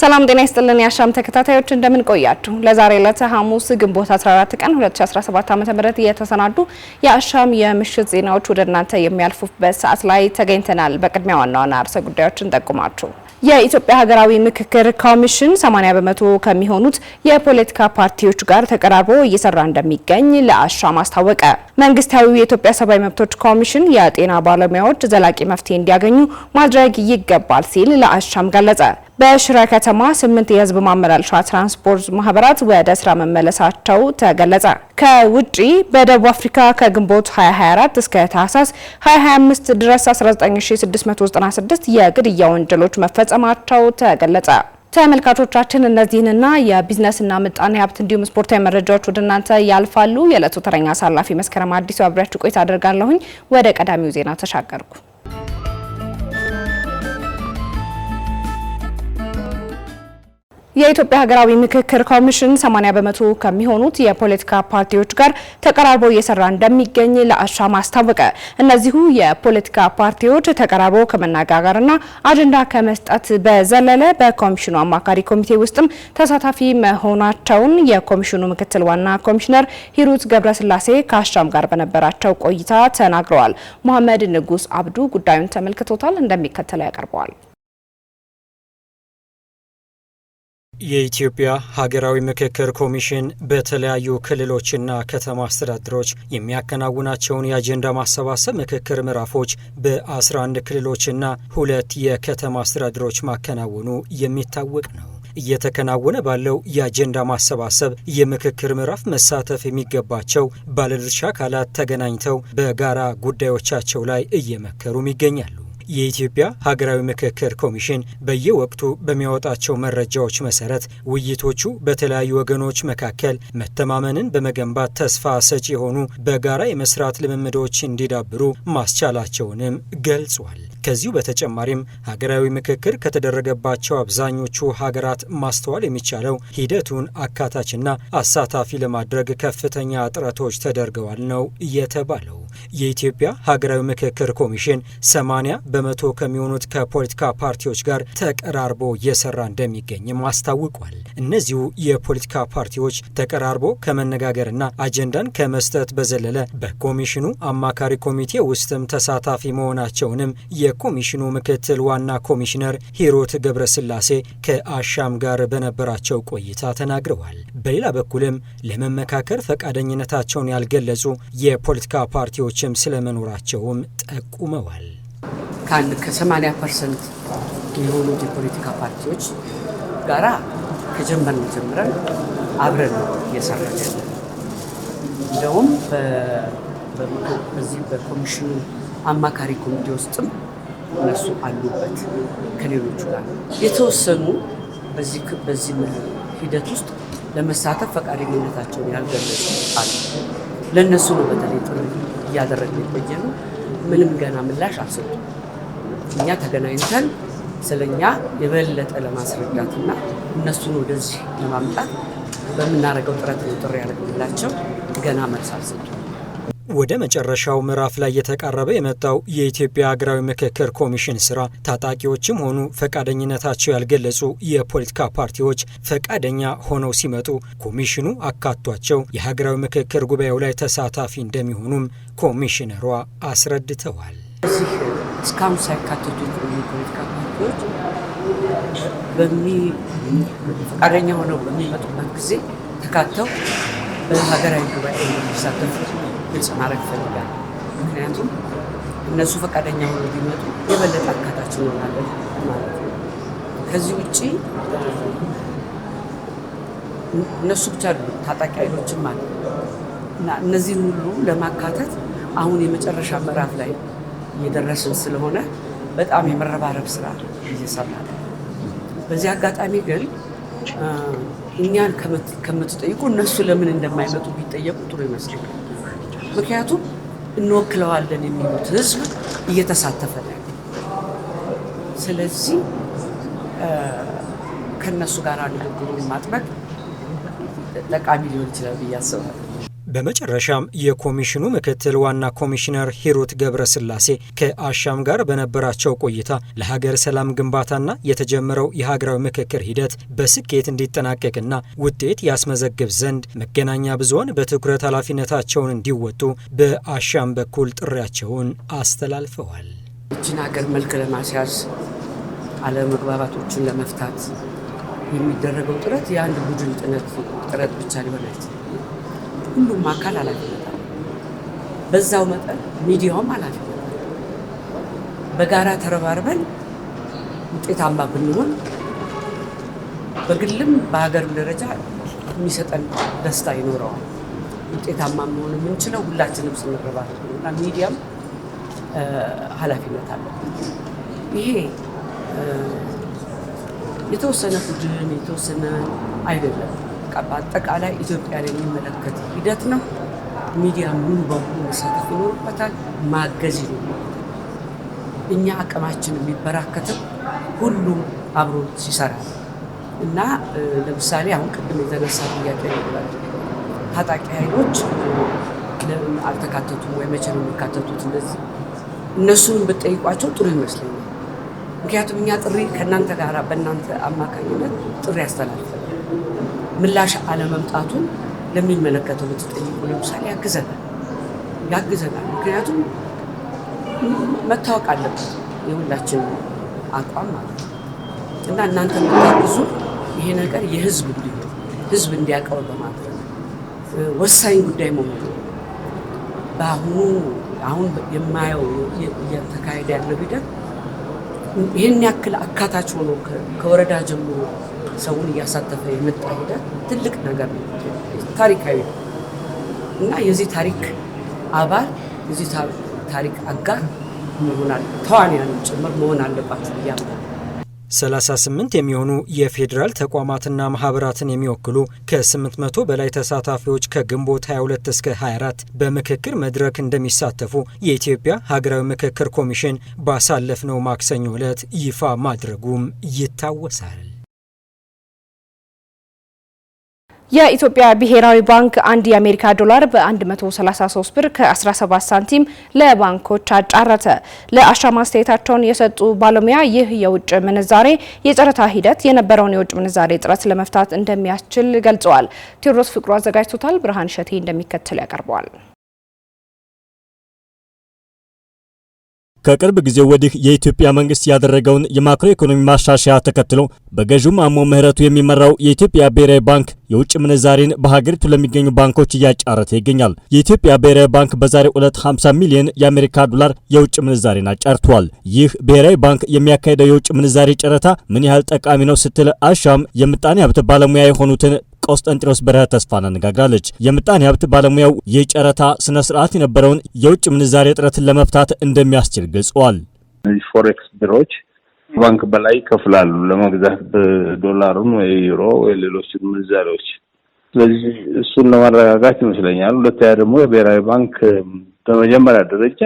ሰላም ጤና ይስጥልን የአሻም ተከታታዮች እንደምን ቆያችሁ? ለዛሬ ዕለተ ሐሙስ ግንቦት 14 ቀን 2017 ዓ.ም የተሰናዱ የአሻም የምሽት ዜናዎች ወደ እናንተ የሚያልፉበት ሰዓት ላይ ተገኝተናል። በቅድሚያ ዋና ዋና ርዕሰ ጉዳዮችን ጠቁማችሁ የኢትዮጵያ ሀገራዊ ምክክር ኮሚሽን 80 በመቶ ከሚሆኑት የፖለቲካ ፓርቲዎች ጋር ተቀራርቦ እየሰራ እንደሚገኝ ለአሻም አስታወቀ። መንግስታዊው የኢትዮጵያ ሰብአዊ መብቶች ኮሚሽን የጤና ባለሙያዎች ዘላቂ መፍትሄ እንዲያገኙ ማድረግ ይገባል ሲል ለአሻም ገለጸ። በሽረ ከተማ ስምንት የህዝብ ማመላለሻ ትራንስፖርት ማህበራት ወደ ስራ መመለሳቸው ተገለጸ። ከውጪ በደቡብ አፍሪካ ከግንቦት 2024 እስከ ታህሳስ 2025 ድረስ 19696 የግድያ ወንጀሎች መፈጸማቸው ተገለጸ። ተመልካቾቻችን እነዚህንና የቢዝነስና ምጣኔ ሀብት እንዲሁም ስፖርታዊ መረጃዎች ወደ እናንተ ያልፋሉ። የዕለቱ ተረኛ አሳላፊ መስከረም አዲሱ አብሬያችሁ ቆይታ አደርጋለሁኝ። ወደ ቀዳሚው ዜና ተሻገርኩ። የኢትዮጵያ ሀገራዊ ምክክር ኮሚሽን 80 በመቶ ከሚሆኑት የፖለቲካ ፓርቲዎች ጋር ተቀራርቦ እየሰራ እንደሚገኝ ለአሻም አስታወቀ። እነዚሁ የፖለቲካ ፓርቲዎች ተቀራርቦ ከመነጋገርና አጀንዳ ከመስጠት በዘለለ በኮሚሽኑ አማካሪ ኮሚቴ ውስጥም ተሳታፊ መሆናቸውን የኮሚሽኑ ምክትል ዋና ኮሚሽነር ሂሩት ገብረስላሴ ከአሻም ጋር በነበራቸው ቆይታ ተናግረዋል። መሐመድ ንጉስ አብዱ ጉዳዩን ተመልክቶታል፣ እንደሚከተለው ያቀርበዋል። የኢትዮጵያ ሀገራዊ ምክክር ኮሚሽን በተለያዩ ክልሎችና ከተማ አስተዳደሮች የሚያከናውናቸውን የአጀንዳ ማሰባሰብ ምክክር ምዕራፎች በ11 ክልሎችና ሁለት የከተማ አስተዳደሮች ማከናወኑ የሚታወቅ ነው። እየተከናወነ ባለው የአጀንዳ ማሰባሰብ የምክክር ምዕራፍ መሳተፍ የሚገባቸው ባለድርሻ አካላት ተገናኝተው በጋራ ጉዳዮቻቸው ላይ እየመከሩም ይገኛሉ። የኢትዮጵያ ሀገራዊ ምክክር ኮሚሽን በየወቅቱ በሚያወጣቸው መረጃዎች መሰረት ውይይቶቹ በተለያዩ ወገኖች መካከል መተማመንን በመገንባት ተስፋ ሰጪ የሆኑ በጋራ የመስራት ልምምዶች እንዲዳብሩ ማስቻላቸውንም ገልጿል። ከዚሁ በተጨማሪም ሀገራዊ ምክክር ከተደረገባቸው አብዛኞቹ ሀገራት ማስተዋል የሚቻለው ሂደቱን አካታችና አሳታፊ ለማድረግ ከፍተኛ ጥረቶች ተደርገዋል ነው የተባለው። የኢትዮጵያ ሀገራዊ ምክክር ኮሚሽን 80 በመቶ ከሚሆኑት ከፖለቲካ ፓርቲዎች ጋር ተቀራርቦ እየሰራ እንደሚገኝም አስታውቋል። እነዚሁ የፖለቲካ ፓርቲዎች ተቀራርቦ ከመነጋገርና አጀንዳን ከመስጠት በዘለለ በኮሚሽኑ አማካሪ ኮሚቴ ውስጥም ተሳታፊ መሆናቸውንም የ የኮሚሽኑ ምክትል ዋና ኮሚሽነር ሂሩት ገብረስላሴ ከአሻም ጋር በነበራቸው ቆይታ ተናግረዋል። በሌላ በኩልም ለመመካከር ፈቃደኝነታቸውን ያልገለጹ የፖለቲካ ፓርቲዎችም ስለመኖራቸውም ጠቁመዋል። ከአንድ ከ80 ፐርሰንት የሆኑት የፖለቲካ ፓርቲዎች ጋራ ከጀመርን ጀምረን አብረን እየሰራ ያለ እንደውም በዚህ በኮሚሽኑ አማካሪ ኮሚቴ ውስጥም እነሱ አሉበት ከሌሎቹ ጋር የተወሰኑ በዚህ ሂደት ውስጥ ለመሳተፍ ፈቃደኝነታቸውን ያልገለጹ አሉ። ለእነሱ ነው በተለይ ጥሪ እያደረግን የቆየ ምንም ገና ምላሽ አልሰጡም። እኛ ተገናኝተን ስለኛ የበለጠ ለማስረዳትና እነሱን ወደዚህ ለማምጣት በምናደርገው ጥረት ነው ጥሪ ያደረግንላቸው። ገና መልስ አልሰጡም። ወደ መጨረሻው ምዕራፍ ላይ የተቃረበ የመጣው የኢትዮጵያ ሀገራዊ ምክክር ኮሚሽን ስራ ታጣቂዎችም ሆኑ ፈቃደኝነታቸው ያልገለጹ የፖለቲካ ፓርቲዎች ፈቃደኛ ሆነው ሲመጡ ኮሚሽኑ አካቷቸው የሀገራዊ ምክክር ጉባኤው ላይ ተሳታፊ እንደሚሆኑም ኮሚሽነሯ አስረድተዋል። እስካሁን ሳይካተቱ የፖለቲካ ፓርቲዎች ፈቃደኛ ሆነው በሚመጡበት ጊዜ ተካተው በሀገራዊ ጉባኤ የሚሳተፉ ግልጽ ማድረግ ይፈልጋል። ምክንያቱም እነሱ ፈቃደኛ ሆኖ ቢመጡ የበለጠ አካታች እንሆናለን ማለት ነው። ከዚህ ውጭ እነሱ ብቻ አሉ፣ ታጣቂ ኃይሎችም አሉ እና እነዚህን ሁሉ ለማካተት አሁን የመጨረሻ ምዕራፍ ላይ እየደረስን ስለሆነ በጣም የመረባረብ ስራ እየሰራ ነው። በዚህ አጋጣሚ ግን እኛን ከምትጠይቁ እነሱ ለምን እንደማይመጡ ቢጠየቁ ጥሩ ይመስለኛል። ምክንያቱም እንወክለዋለን የሚሉት ህዝብ እየተሳተፈ ነው። ስለዚህ ከእነሱ ጋር ንግግሩን ማጥበቅ ጠቃሚ ሊሆን ይችላል ብዬ አስባለሁ። በመጨረሻም የኮሚሽኑ ምክትል ዋና ኮሚሽነር ሂሩት ገብረስላሴ ከአሻም ጋር በነበራቸው ቆይታ ለሀገር ሰላም ግንባታና የተጀመረው የሀገራዊ ምክክር ሂደት በስኬት እንዲጠናቀቅና ውጤት ያስመዘግብ ዘንድ መገናኛ ብዙን በትኩረት ኃላፊነታቸውን እንዲወጡ በአሻም በኩል ጥሪያቸውን አስተላልፈዋል። እችን ሀገር መልክ ለማስያዝ አለመግባባቶችን ለመፍታት የሚደረገው ጥረት የአንድ ቡድን ጥረት ብቻ ሊሆን ሁሉም አካል ኃላፊነት አለ። በዛው መጠን ሚዲያውም ኃላፊነት አለ። በጋራ ተረባርበን ውጤታማ ብንሆን በግልም በሀገርም ደረጃ የሚሰጠን ደስታ ይኖረዋል። ውጤታማ መሆን የምንችለው ሁላችንም ስንረባረብ እና ሚዲያም ኃላፊነት አለ። ይሄ የተወሰነ ቡድን የተወሰነ አይደለም። በአጠቃላይ ኢትዮጵያን የሚመለከት ሂደት ነው። ሚዲያ ሙሉ በሙሉ መሳተፍ ይኖርበታል፣ ማገዝ ይኖርበታል። እኛ አቅማችን የሚበራከትም ሁሉም አብሮ ሲሰራ እና ለምሳሌ አሁን ቅድም የተነሳ ጥያቄ ይላል ታጣቂ ኃይሎች ለምን አልተካተቱም ወይ መቼ ነው የሚካተቱት? እንደዚህ እነሱን ብጠይቋቸው ጥሩ ይመስለኛል። ምክንያቱም እኛ ጥሪ ከእናንተ ጋር በእናንተ አማካኝነት ጥሪ ያስተላልፈ ምላሽ አለመምጣቱን ለሚመለከተው ብትጠይቁ ለምሳሌ ያግዘናል ያግዘናል። ምክንያቱም መታወቅ አለበት የሁላችን አቋም ማለት ነው እና እናንተ ብዙ ይሄ ነገር የህዝብ እንዲሆን ህዝብ እንዲያቀው በማድረግ ወሳኝ ጉዳይ መሆኑ በአሁኑ አሁን የማየው እየተካሄደ ያለው ሂደት ይህን ያክል አካታች ሆኖ ከወረዳ ጀምሮ ሰውን እያሳተፈ የመጣ ሂደት ትልቅ ነገር ነው፣ ታሪካዊ እና የዚህ ታሪክ አባል የዚህ ታሪክ አጋር መሆናል ተዋንያን ጭምር መሆን አለባት እያ 38 የሚሆኑ የፌዴራል ተቋማትና ማህበራትን የሚወክሉ ከ800 በላይ ተሳታፊዎች ከግንቦት 22 እስከ 24 በምክክር መድረክ እንደሚሳተፉ የኢትዮጵያ ሀገራዊ ምክክር ኮሚሽን ባሳለፍነው ማክሰኞ ዕለት ይፋ ማድረጉም ይታወሳል። የኢትዮጵያ ብሔራዊ ባንክ አንድ የአሜሪካ ዶላር በ133 ብር ከ17 ሳንቲም ለባንኮች አጫረተ። ለአሻ ማስተየታቸውን የሰጡ ባለሙያ ይህ የውጭ ምንዛሬ የጨረታ ሂደት የነበረውን የውጭ ምንዛሬ እጥረት ለመፍታት እንደሚያስችል ገልጸዋል። ቴዎድሮስ ፍቅሩ አዘጋጅቶታል። ብርሃን ሸቴ እንደሚከተል ያቀርበዋል። ከቅርብ ጊዜ ወዲህ የኢትዮጵያ መንግስት ያደረገውን የማክሮ ኢኮኖሚ ማሻሻያ ተከትሎ በገዢው ማሞ ምህረቱ የሚመራው የኢትዮጵያ ብሔራዊ ባንክ የውጭ ምንዛሬን በሀገሪቱ ለሚገኙ ባንኮች እያጫረተ ይገኛል። የኢትዮጵያ ብሔራዊ ባንክ በዛሬው ዕለት 50 ሚሊዮን የአሜሪካ ዶላር የውጭ ምንዛሬን አጫርተዋል። ይህ ብሔራዊ ባንክ የሚያካሄደው የውጭ ምንዛሬ ጨረታ ምን ያህል ጠቃሚ ነው ስትል አሻም የምጣኔ ሀብት ባለሙያ የሆኑትን ቆስጠንጢኖስ በረሃ ተስፋን አነጋግራለች። የምጣኔ ሀብት ባለሙያው የጨረታ ስነ ስርዓት የነበረውን የውጭ ምንዛሬ እጥረትን ለመፍታት እንደሚያስችል ገልጸዋል። እነዚህ ፎሬክስ ቢሮዎች ባንክ በላይ ይከፍላሉ ለመግዛት በዶላሩን ወይ ዩሮ ወይ ሌሎች ምንዛሬዎች። ስለዚህ እሱን ለማረጋጋት ይመስለኛል። ሁለተኛ ደግሞ የብሔራዊ ባንክ በመጀመሪያ ደረጃ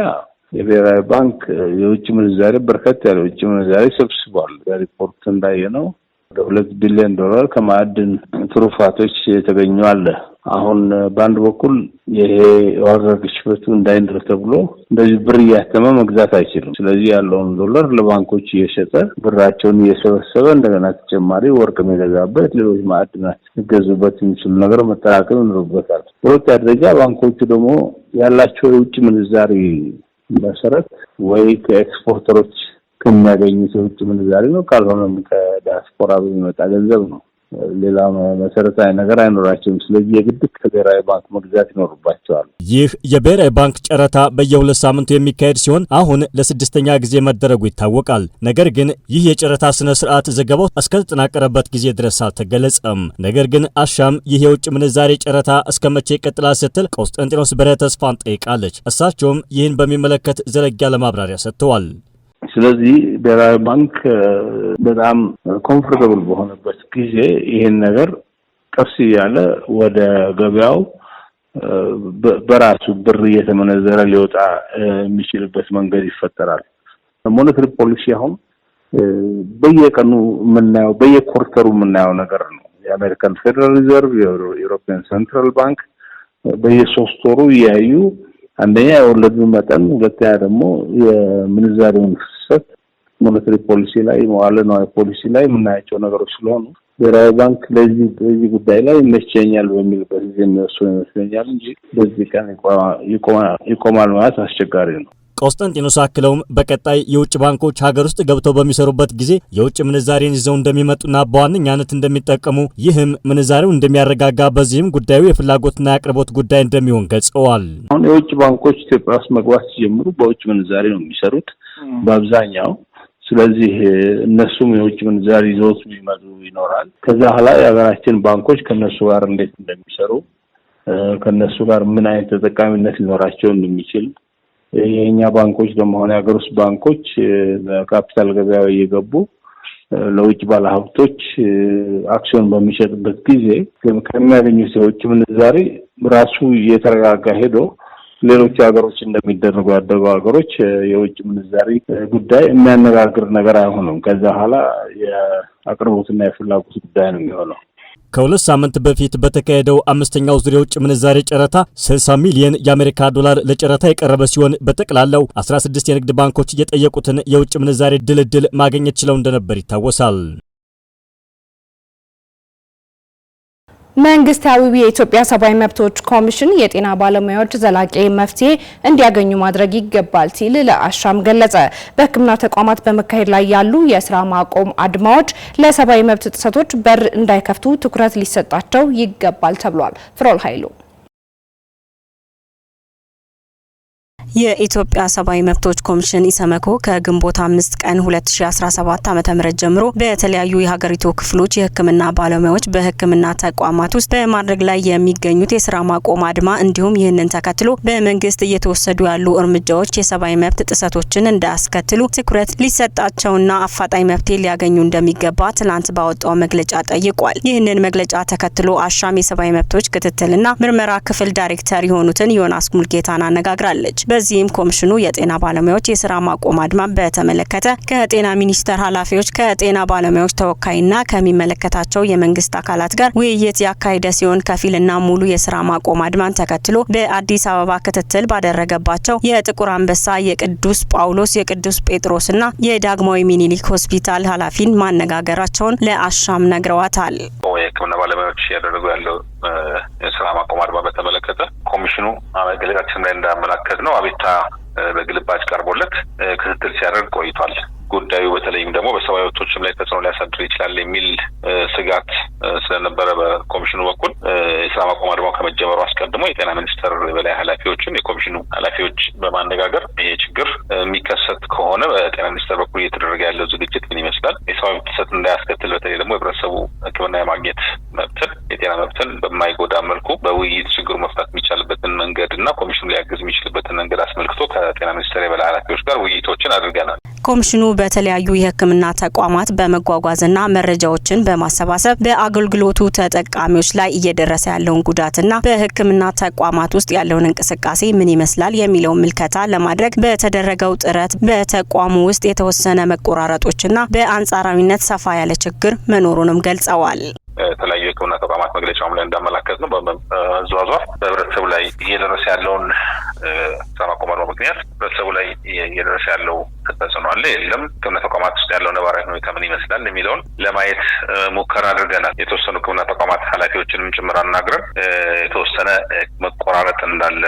የብሔራዊ ባንክ የውጭ ምንዛሬ በርከት ያለ የውጭ ምንዛሬ ሰብስቧል። ሪፖርት እንዳየ ነው ወደ ሁለት ቢሊዮን ዶላር ከማዕድን ትሩፋቶች የተገኙ አለ። አሁን በአንድ በኩል ይሄ ዋጋ ግሽበቱ እንዳይንድር ተብሎ እንደዚህ ብር እያተመ መግዛት አይችልም። ስለዚህ ያለውን ዶላር ለባንኮች እየሸጠ ብራቸውን እየሰበሰበ እንደገና ተጨማሪ ወርቅ የሚገዛበት ሌሎች ማዕድናት ሊገዙበት የሚችሉ ነገር መጠራቀም ይኖርበታል። በሁለተኛ ደረጃ ባንኮቹ ደግሞ ያላቸው የውጭ ምንዛሪ መሰረት ወይ ከኤክስፖርተሮች ከሚያገኙት የውጭ ምንዛሬ ነው፣ ካልሆነም ከዲያስፖራ በሚመጣ ገንዘብ ነው። ሌላ መሰረታዊ ነገር አይኖራቸውም። ስለዚህ የግድ ከብሔራዊ ባንክ መግዛት ይኖርባቸዋል። ይህ የብሔራዊ ባንክ ጨረታ በየሁለት ሳምንቱ የሚካሄድ ሲሆን አሁን ለስድስተኛ ጊዜ መደረጉ ይታወቃል። ነገር ግን ይህ የጨረታ ስነ ስርዓት ዘገባው እስከተጠናቀረበት ጊዜ ድረስ አልተገለጸም። ነገር ግን አሻም ይህ የውጭ ምንዛሬ ጨረታ እስከ መቼ ይቀጥላል ስትል ቆስጠንጢኖስ በርሄ ተስፋን ጠይቃለች። እሳቸውም ይህን በሚመለከት ዘለግ ያለ ማብራሪያ ሰጥተዋል። ስለዚህ ብሔራዊ ባንክ በጣም ኮምፎርታብል በሆነበት ጊዜ ይህን ነገር ቀስ እያለ ወደ ገበያው በራሱ ብር እየተመነዘረ ሊወጣ የሚችልበት መንገድ ይፈጠራል። ሞኔተሪ ፖሊሲ አሁን በየቀኑ የምናየው በየኮርተሩ የምናየው ነገር ነው። የአሜሪካን ፌዴራል ሪዘርቭ፣ የዩሮፒያን ሴንትራል ባንክ በየሶስት ወሩ እያዩ አንደኛ የወለዱ መጠን፣ ሁለተኛ ደግሞ የምንዛሬውን ፍሰት ሞኔታሪ ፖሊሲ ላይ መዋለ ነዋይ ፖሊሲ ላይ የምናያቸው ነገሮች ስለሆኑ ብሔራዊ ባንክ ለዚህ በዚህ ጉዳይ ላይ ይመቸኛል በሚልበት ጊዜ የሚወስኑ ይመስለኛል እንጂ በዚህ ቀን ይቆማል ማለት አስቸጋሪ ነው። ቆስጠንጢኖስ አክለውም በቀጣይ የውጭ ባንኮች ሀገር ውስጥ ገብተው በሚሰሩበት ጊዜ የውጭ ምንዛሬን ይዘው እንደሚመጡና በዋነኛነት እንደሚጠቀሙ ይህም ምንዛሬው እንደሚያረጋጋ በዚህም ጉዳዩ የፍላጎትና የአቅርቦት ጉዳይ እንደሚሆን ገልጸዋል። አሁን የውጭ ባንኮች ኢትዮጵያ ውስጥ መግባት ሲጀምሩ በውጭ ምንዛሬ ነው የሚሰሩት በአብዛኛው። ስለዚህ እነሱም የውጭ ምንዛሪ ይዘውት የሚመጡ ይኖራል። ከዛ ኋላ የሀገራችን ባንኮች ከነሱ ጋር እንዴት እንደሚሰሩ ከነሱ ጋር ምን አይነት ተጠቃሚነት ሊኖራቸው እንደሚችል የእኛ ባንኮች ደግሞ ሆነ የሀገር ውስጥ ባንኮች በካፒታል ገበያ እየገቡ ለውጭ ባለሀብቶች አክሲዮን በሚሸጥበት ጊዜ ከሚያገኙ ሰዎች ምንዛሬ ራሱ እየተረጋጋ ሄዶ ሌሎች ሀገሮች እንደሚደረጉ ያደጉ ሀገሮች የውጭ ምንዛሪ ጉዳይ የሚያነጋግር ነገር አይሆንም። ከዛ በኋላ የአቅርቦትና የፍላጎት ጉዳይ ነው የሚሆነው። ከሁለት ሳምንት በፊት በተካሄደው አምስተኛው ዙሪያ የውጭ ምንዛሬ ጨረታ 60 ሚሊዮን የአሜሪካ ዶላር ለጨረታ የቀረበ ሲሆን በጠቅላላው 16 የንግድ ባንኮች የጠየቁትን የውጭ ምንዛሬ ድልድል ማግኘት ችለው እንደነበር ይታወሳል። መንግስታዊው የኢትዮጵያ ሰብአዊ መብቶች ኮሚሽን የጤና ባለሙያዎች ዘላቂ መፍትሄ እንዲያገኙ ማድረግ ይገባል ሲል ለአሻም ገለጸ። በሕክምና ተቋማት በመካሄድ ላይ ያሉ የስራ ማቆም አድማዎች ለሰብአዊ መብት ጥሰቶች በር እንዳይከፍቱ ትኩረት ሊሰጣቸው ይገባል ተብሏል። ፍሮል ኃይሉ የኢትዮጵያ ሰብአዊ መብቶች ኮሚሽን ኢሰመኮ ከግንቦት አምስት ቀን 2017 ዓ ም ጀምሮ በተለያዩ የሀገሪቱ ክፍሎች የህክምና ባለሙያዎች በህክምና ተቋማት ውስጥ በማድረግ ላይ የሚገኙት የስራ ማቆም አድማ እንዲሁም ይህንን ተከትሎ በመንግስት እየተወሰዱ ያሉ እርምጃዎች የሰብአዊ መብት ጥሰቶችን እንዳያስከትሉ ትኩረት ሊሰጣቸውና አፋጣኝ መፍትሄ ሊያገኙ እንደሚገባ ትናንት ባወጣው መግለጫ ጠይቋል። ይህንን መግለጫ ተከትሎ አሻም የሰብአዊ መብቶች ክትትልና ምርመራ ክፍል ዳይሬክተር የሆኑትን ዮናስ ሙልጌታን አነጋግራለች። በዚህም ኮሚሽኑ የጤና ባለሙያዎች የስራ ማቆም አድማን በተመለከተ ከጤና ሚኒስቴር ኃላፊዎች፣ ከጤና ባለሙያዎች ተወካይና ከሚመለከታቸው የመንግስት አካላት ጋር ውይይት ያካሄደ ሲሆን ከፊልና ሙሉ የስራ ማቆም አድማን ተከትሎ በአዲስ አበባ ክትትል ባደረገባቸው የጥቁር አንበሳ፣ የቅዱስ ጳውሎስ፣ የቅዱስ ጴጥሮስና የዳግማዊ ሚኒሊክ ሆስፒታል ኃላፊን ማነጋገራቸውን ለአሻም ነግረዋታል። የህክምና ባለሙያዎች እያደረጉ ያለው የስራ ማቆም አድማ በተመለከተ ኮሚሽኑ መግለጫችን ላይ እንዳመላከት ነው እፎይታ በግልባጭ ቀርቦለት ክትትል ሲያደርግ ቆይቷል። ጉዳዩ በተለይም ደግሞ በሰብአዊ መብቶችም ላይ ተጽዕኖ ሊያሳድር ይችላል የሚል ስጋት ስለነበረ በኮሚሽኑ በኩል የስራ ማቆም አድማው ከመጀመሩ አስቀድሞ የጤና ሚኒስቴር የበላይ ኃላፊዎችን የኮሚሽኑ ኃላፊዎች በማነጋገር ይሄ ችግር የሚከሰት ከሆነ በጤና ሚኒስቴር በኩል እየተደረገ ያለው ዝግጅት ምን ይመስላል፣ የሰብአዊ መብት ጥሰት እንዳያስከትል በተለይ ደግሞ የህብረተሰቡ ሕክምና የማግኘት መብትን የጤና መብትን በማይጎዳ መልኩ በውይይት ችግሩ መፍታት የሚቻልበትን መንገድ እና ኮሚሽኑ ሊያግዝ የሚችልበትን መንገድ አስመልክቶ ከጤና ሚኒስቴር የበላይ ኃላፊዎች ጋር ውይይቶችን አድርገናል። ኮሚሽኑ በተለያዩ የህክምና ተቋማት በመጓጓዝና መረጃዎችን በማሰባሰብ በአገልግሎቱ ተጠቃሚዎች ላይ እየደረሰ ያለውን ጉዳትና በህክምና ተቋማት ውስጥ ያለውን እንቅስቃሴ ምን ይመስላል የሚለውን ምልከታ ለማድረግ በተደረገው ጥረት በተቋሙ ውስጥ የተወሰነ መቆራረጦችና በአንጻራዊነት ሰፋ ያለ ችግር መኖሩንም ገልጸዋል። የተለያዩ የሕክምና ተቋማት መግለጫውም ላይ እንዳመላከት ነው በመዟዟፍ በህብረተሰቡ ላይ እየደረሰ ያለውን ስራ ምክንያት ህብረተሰቡ ላይ እየደረሰ ያለው ተጽዕኖ አለ የለም፣ ሕክምና ተቋማት ውስጥ ያለው ነባራዊ ሁኔታ ምን ይመስላል የሚለውን ለማየት ሙከራ አድርገናል። የተወሰኑ ሕክምና ተቋማት ኃላፊዎችንም ጭምር አናግረን የተወሰነ መቆራረጥ እንዳለ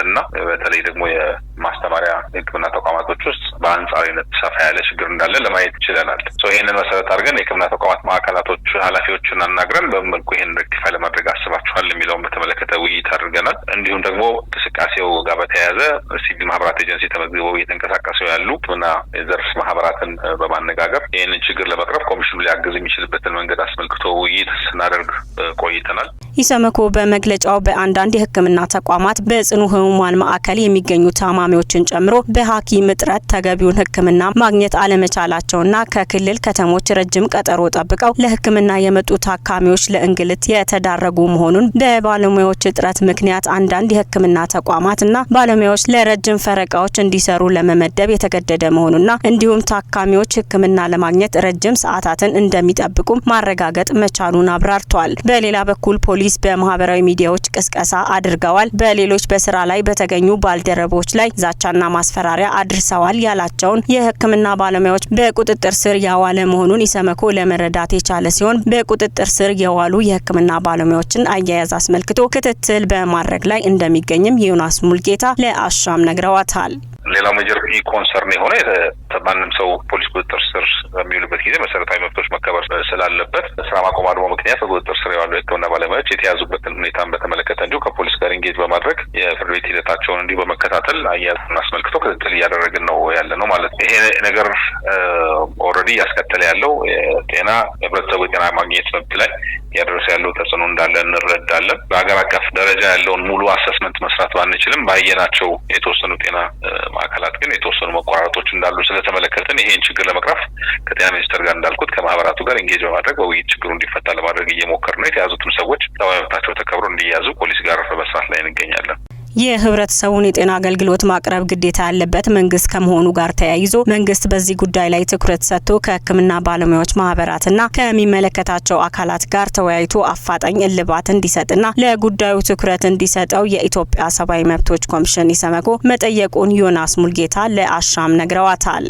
በተለይ ደግሞ የማስተማሪያ ሕክምና ተቋማቶች ውስጥ በአንጻራዊነት ሰፋ ያለ ችግር እንዳለ ለማየት ይችለናል። ይህንን መሰረት አድርገን የሕክምና ተቋማት ማዕከላቶች ኃላፊዎችን አናግረን በምን መልኩ ይሄን ረክፋ ለማድረግ አስባችኋል የሚለውን በተመለከተ ውይይት አድርገናል። እንዲሁም ደግሞ እንቅስቃሴው ጋር በተያያዘ ሲቪል ማህበራት ኤጀንሲ ተመዝግበው እየተንቀሳቀሰው ያሉ እና የዘርፍ ማህበራትን በማነጋገር ይህንን ችግር ለመቅረብ ኮሚሽኑ ሊያግዝ የሚችልበትን መንገድ አስመልክቶ ውይይት ስናደርግ ቆይተናል። ኢሰመኮ በመግለጫው በአንዳንድ የሕክምና ተቋማት በጽኑ ህሙማን ማዕከል የሚገኙ ታማሚዎችን ጨምሮ በሐኪም እጥረት ተገቢውን ሕክምና ማግኘት አለመቻላቸውና ከክልል ከተሞች ረጅም ቀጠሮ ጠብቀው ለሕክምና የመጡ ታካሚዎች ለእንግልት የተዳረጉ መሆኑን በባለሙያዎች እጥረት ምክንያት አንዳንድ የሕክምና ተቋማትና ባለሙያዎች ለረጅም ፈረቃዎች እንዲሰሩ ለመመደብ የተገደደ መሆኑና እንዲሁም ታካሚዎች ሕክምና ለማግኘት ረጅም ሰዓታትን እንደሚጠብቁም ማረጋገጥ መቻሉን አብራርተዋል። በሌላ በኩል ፖሊስ ፖሊስ በማህበራዊ ሚዲያዎች ቅስቀሳ አድርገዋል፣ በሌሎች በስራ ላይ በተገኙ ባልደረቦች ላይ ዛቻና ማስፈራሪያ አድርሰዋል ያላቸውን የህክምና ባለሙያዎች በቁጥጥር ስር ያዋለ መሆኑን ኢሰመኮ ለመረዳት የቻለ ሲሆን በቁጥጥር ስር የዋሉ የህክምና ባለሙያዎችን አያያዝ አስመልክቶ ክትትል በማድረግ ላይ እንደሚገኝም ዮናስ ሙልጌታ ለአሻም ነግረዋታል። ሌላ ሜጀር ኮንሰርን የሆነ ማንም ሰው ፖሊስ ቁጥጥር ስር በሚውልበት ጊዜ መሰረታዊ መብቶች መከበር ስላለበት ስራ ማቆም አድማ ምክንያት በቁጥጥር ስር የዋሉ የህክምና ባለሙያዎች የተያዙበትን ሁኔታን በተመለከተ እንዲሁ ከፖሊስ ጋር እንጌጅ በማድረግ የፍርድ ቤት ሂደታቸውን እንዲሁ በመከታተል አያያዙን አስመልክቶ ክትትል እያደረግን ነው ያለ ነው ማለት ነው። ይሄ ነገር ኦልሬዲ እያስከተለ ያለው ጤና ህብረተሰቡ የጤና ማግኘት መብት ላይ እያደረሰ ያለው ተጽዕኖ እንዳለ እንረዳለን። በሀገር አቀፍ ደረጃ ያለውን ሙሉ አሰስመንት መስራት ባንችልም ባየናቸው የተወሰኑ ጤና ማዕከላት ግን የተወሰኑ መቆራረጦች እንዳሉ ስለተመለከትን ይሄን ችግር ለመቅረፍ ከጤና ሚኒስቴር ጋር እንዳልኩት ከማህበራቱ ጋር ኢንጌጅ በማድረግ በውይይት ችግሩ እንዲፈታ ለማድረግ እየሞከር ነው። የተያዙትም ሰዎች ሰብአዊ መብታቸው ተከብሮ እንዲያዙ ፖሊስ ጋር በመስራት ላይ እንገኛለን። የህብረተሰቡን የጤና አገልግሎት ማቅረብ ግዴታ ያለበት መንግስት ከመሆኑ ጋር ተያይዞ መንግስት በዚህ ጉዳይ ላይ ትኩረት ሰጥቶ ከህክምና ባለሙያዎች ማህበራትና ከሚመለከታቸው አካላት ጋር ተወያይቶ አፋጣኝ እልባት እንዲሰጥና ለጉዳዩ ትኩረት እንዲሰጠው የኢትዮጵያ ሰብአዊ መብቶች ኮሚሽን ኢሰመኮ መጠየቁን ዮናስ ሙልጌታ ለአሻም ነግረዋታል።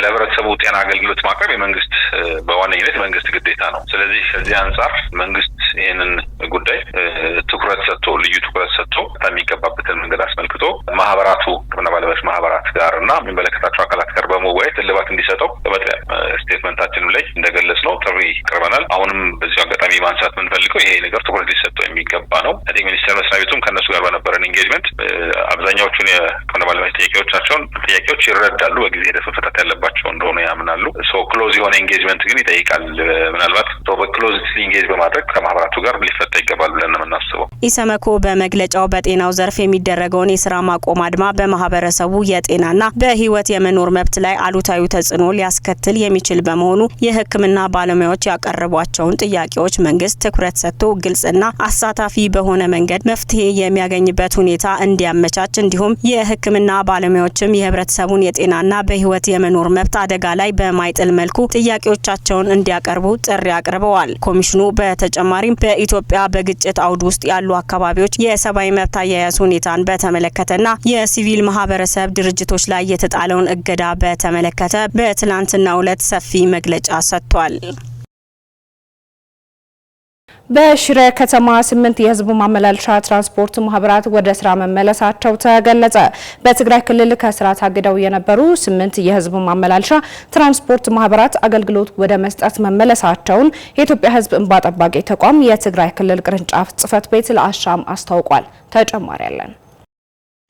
ለህብረተሰቡ ጤና አገልግሎት ማቅረብ የመንግስት በዋነኝነት መንግስት ግዴታ ነው። ስለዚህ ከዚህ አንጻር መንግስት ይህንን ጉዳይ ትኩረት ሰጥቶ ልዩ ትኩረት ሰጥቶ የሚገባበትን መንገድ አስመልክቶ ማህበራቱ ሕክምና ባለሙያዎች ማህበራት ጋር እና የሚመለከታቸው አካላት ጋር በመወያየት እልባት እንዲሰጠው በመጥሪያ ስቴትመንታችንም ላይ እንደገለጽ ነው ጥሪ ቅርበናል። አሁንም በዚሁ አጋጣሚ ማንሳት የምንፈልገው ይሄ ነገር ትኩረት ሊሰጠው የሚገባ ነው። ኢህአዴግ ሚኒስቴር መስሪያ ቤቱም ከእነሱ ጋር በነበረን ኢንጌጅመንት አብዛኛዎቹን የሕክምና ባለሙያዎች ጥያቄዎቻቸውን ጥያቄዎች ይረዳሉ። በጊዜ ሂደት መፈታት ያለባቸው እንደሆነ ያምናሉ። ሶ ክሎዝ የሆነ ኢንጌጅመንት ግን ይጠይቃል። ምናልባት በክሎዝ ኢንጌጅ በማድረግ ከማህበራ ከማህበራቱ ጋር ሊፈታ ይገባል ብለን ነው የምናስበው። ኢሰመኮ በመግለጫው በጤናው ዘርፍ የሚደረገውን የስራ ማቆም አድማ በማህበረሰቡ የጤናና በህይወት የመኖር መብት ላይ አሉታዊ ተጽዕኖ ሊያስከትል የሚችል በመሆኑ የህክምና ባለሙያዎች ያቀረቧቸውን ጥያቄዎች መንግስት ትኩረት ሰጥቶ ግልጽና አሳታፊ በሆነ መንገድ መፍትሄ የሚያገኝበት ሁኔታ እንዲያመቻች እንዲሁም የህክምና ባለሙያዎችም የህብረተሰቡን የጤናና በህይወት የመኖር መብት አደጋ ላይ በማይጥል መልኩ ጥያቄዎቻቸውን እንዲያቀርቡ ጥሪ አቅርበዋል። ኮሚሽኑ በተጨማሪ በተጨማሪም በኢትዮጵያ በግጭት አውድ ውስጥ ያሉ አካባቢዎች የሰብአዊ መብት አያያዝ ሁኔታን በተመለከተና የሲቪል ማህበረሰብ ድርጅቶች ላይ የተጣለውን እገዳ በተመለከተ በትላንትናው ዕለት ሰፊ መግለጫ ሰጥቷል። በሽረ ከተማ ስምንት የህዝብ ማመላለሻ ትራንስፖርት ማህበራት ወደ ስራ መመለሳቸው ተገለጸ። በትግራይ ክልል ከስራ ታግደው የነበሩ ስምንት የህዝቡ ማመላለሻ ትራንስፖርት ማህበራት አገልግሎት ወደ መስጠት መመለሳቸውን የኢትዮጵያ ህዝብ እንባ ጠባቂ ተቋም የትግራይ ክልል ቅርንጫፍ ጽህፈት ቤት ለአሻም አስታውቋል። ተጨማሪ ያለን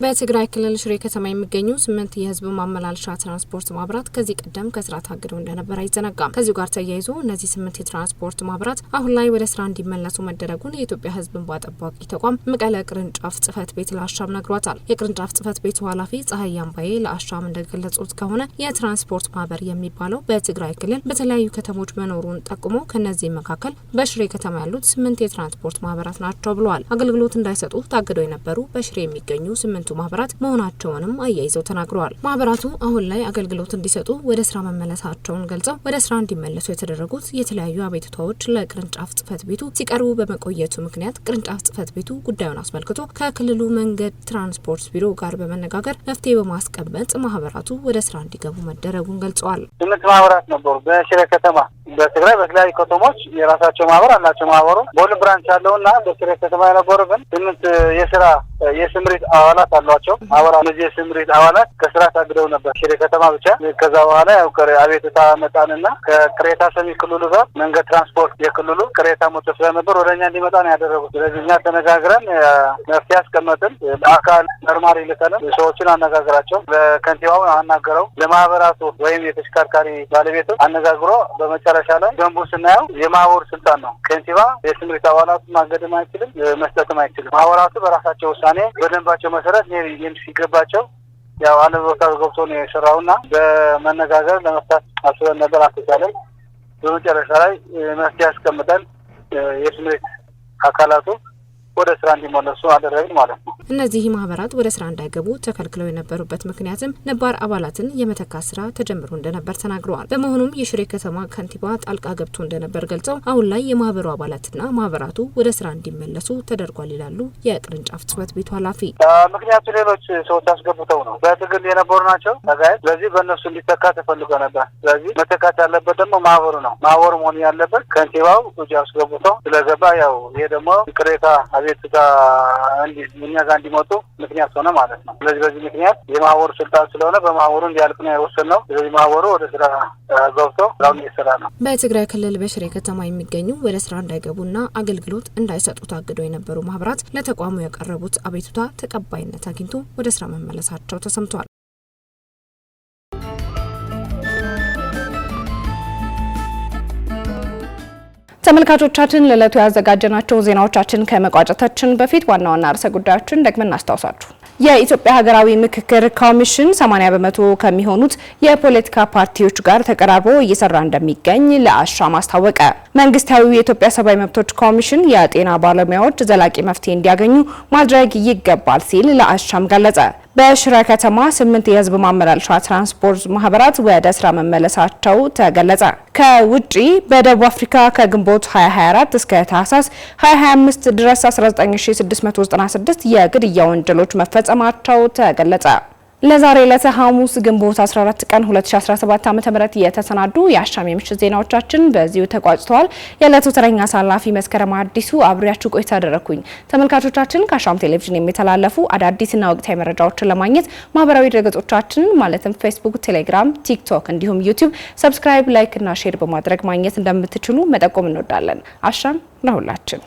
በትግራይ ክልል ሽሬ ከተማ የሚገኙ ስምንት የህዝብ ማመላለሻ ትራንስፖርት ማህበራት ከዚህ ቀደም ከስራ ታግደው እንደነበር አይዘነጋም። ከዚሁ ጋር ተያይዞ እነዚህ ስምንት የትራንስፖርት ማህበራት አሁን ላይ ወደ ስራ እንዲመለሱ መደረጉን የኢትዮጵያ ህዝብን እንባ ተቋም መቀለ ቅርንጫፍ ጽህፈት ቤት ለአሻም ነግሯታል። የቅርንጫፍ ጽህፈት ቤቱ ኃላፊ ፀሐይ አምባዬ ለአሻም እንደገለጹት ከሆነ የትራንስፖርት ማህበር የሚባለው በትግራይ ክልል በተለያዩ ከተሞች መኖሩን ጠቁሞ ከእነዚህ መካከል በሽሬ ከተማ ያሉት ስምንት የትራንስፖርት ማህበራት ናቸው ብለዋል። አገልግሎት እንዳይሰጡ ታግደው የነበሩ በሽሬ የሚገኙ ስምንቱ የሚመለከቱ ማህበራት መሆናቸውንም አያይዘው ተናግረዋል። ማህበራቱ አሁን ላይ አገልግሎት እንዲሰጡ ወደ ስራ መመለሳቸውን ገልጸው ወደ ስራ እንዲመለሱ የተደረጉት የተለያዩ አቤቱታዎች ለቅርንጫፍ ጽህፈት ቤቱ ሲቀርቡ በመቆየቱ ምክንያት ቅርንጫፍ ጽህፈት ቤቱ ጉዳዩን አስመልክቶ ከክልሉ መንገድ ትራንስፖርት ቢሮ ጋር በመነጋገር መፍትሄ በማስቀመጥ ማህበራቱ ወደ ስራ እንዲገቡ መደረጉን ገልጸዋል። ስምንት ማህበራት ነበሩ በሽረ ከተማ በትግራይ በተለያዩ ከተሞች የራሳቸው ማህበር አላቸው። ማህበሩ በሁሉም ብራንች ያለውና በስሬ ከተማ የነበሩ ግን ስምንት የስራ የስምሪት አባላት አባላት አሏቸው። አበራ እነዚህ የስምሪት አባላት ከስራ ታግደው ነበር ሽሬ ከተማ ብቻ። ከዛ በኋላ ያው አቤቱታ መጣንና ከቅሬታ ሰሚ ክልሉ ጋር መንገድ ትራንስፖርት የክልሉ ቅሬታ ሞቶ ስለነበር ወደ እኛ እንዲመጣ ነው ያደረጉት። ስለዚህ እኛ ተነጋግረን መፍትሄ አስቀመጥን። በአካል መርማሪ ልከንም ሰዎችን አነጋግራቸው ለከንቲባውን አናገረው ለማህበራቱ ወይም የተሽከርካሪ ባለቤትም አነጋግሮ በመጨረሻ ላይ ደንቡ ስናየው የማህበሩ ስልጣን ነው። ከንቲባ የስምሪት አባላቱ ማገድም አይችልም፣ መስጠትም አይችልም። ማህበራቱ በራሳቸው ውሳኔ በደንባቸው መሰረት ለመስራት ይህም ሲገባቸው ያው አንድ ቦታ ገብቶ ነው የሰራው የሰራውና በመነጋገር ለመፍታት አስበን ነበር። አልተቻለም። በመጨረሻ ላይ መፍትሄ ያስቀምጠን የስሜት አካላቱ ወደ ስራ እንዲመለሱ አደረግን ማለት ነው። እነዚህ ማህበራት ወደ ስራ እንዳይገቡ ተከልክለው የነበሩበት ምክንያትም ነባር አባላትን የመተካት ስራ ተጀምሮ እንደነበር ተናግረዋል። በመሆኑም የሽሬ ከተማ ከንቲባ ጣልቃ ገብቶ እንደነበር ገልጸው አሁን ላይ የማህበሩ አባላትና ማህበራቱ ወደ ስራ እንዲመለሱ ተደርጓል ይላሉ የቅርንጫፍ ጽህፈት ቤቱ ኃላፊ። ምክንያቱ ሌሎች ሰዎች አስገብተው ነው፣ በትግል የነበሩ ናቸው ተጋይ። ስለዚህ በእነሱ እንዲተካ ተፈልጎ ነበር። ስለዚህ መተካት ያለበት ደግሞ ማህበሩ ነው። ማህበሩ መሆን ያለበት ከንቲባው እጅ አስገብተው ስለገባ ያው ይሄ ደግሞ ቅሬታ አቤት ጋር እኛ ጋር እንዲመጡ ምክንያት ሆነ ማለት ነው። ስለዚህ በዚህ ምክንያት የማህበሩ ስልጣን ስለሆነ በማህበሩ እንዲያልቅ ነው የወሰነው። ስለዚህ ማህበሩ ወደ ስራ ገብቶ ስራውን እየሰራ ነው። በትግራይ ክልል በሽሬ ከተማ የሚገኙ ወደ ስራ እንዳይገቡና አገልግሎት እንዳይሰጡ ታግደው የነበሩ ማህበራት ለተቋሙ ያቀረቡት አቤቱታ ተቀባይነት አግኝቶ ወደ ስራ መመለሳቸው ተሰምቷል። ተመልካቾቻችን ለዕለቱ ያዘጋጀናቸው ዜናዎቻችን ከመቋጨታችን በፊት ዋና ዋና ርዕሰ ጉዳዮችን ደግመን እናስታውሳችሁ። የኢትዮጵያ ሀገራዊ ምክክር ኮሚሽን 80 በመቶ ከሚሆኑት የፖለቲካ ፓርቲዎች ጋር ተቀራርቦ እየሰራ እንደሚገኝ ለአሻ አስታወቀ። መንግስታዊ የኢትዮጵያ ሰብአዊ መብቶች ኮሚሽን የጤና ባለሙያዎች ዘላቂ መፍትሄ እንዲያገኙ ማድረግ ይገባል ሲል ለአሻም ገለጸ። በሽረ ከተማ ስምንት የህዝብ ማመላለሻ ትራንስፖርት ማህበራት ወደ ስራ መመለሳቸው ተገለጸ። ከውጪ በደቡብ አፍሪካ ከግንቦት 224 እስከ ታህሳስ 225 ድረስ 19696 የግድያ ወንጀሎች መፈጸማቸው ተገለጸ። ለዛሬ ዕለተ ሐሙስ ግንቦት 14 ቀን 2017 ዓ.ም የተሰናዱ የአሻም የምሽት ዜናዎቻችን በዚሁ ተቋጭተዋል። የዕለቱ ተረኛ አሳላፊ መስከረም አዲሱ አብሬያችሁ ቆይታ አደረኩኝ። ተመልካቾቻችን ከአሻም ቴሌቪዥን የሚተላለፉ አዳዲስና ወቅታዊ መረጃዎችን ለማግኘት ማህበራዊ ድረገጾቻችን ማለትም ፌስቡክ፣ ቴሌግራም፣ ቲክቶክ እንዲሁም ዩቲዩብ ሰብስክራይብ፣ ላይክ እና ሼር በማድረግ ማግኘት እንደምትችሉ መጠቆም እንወዳለን። አሻም ለሁላችን!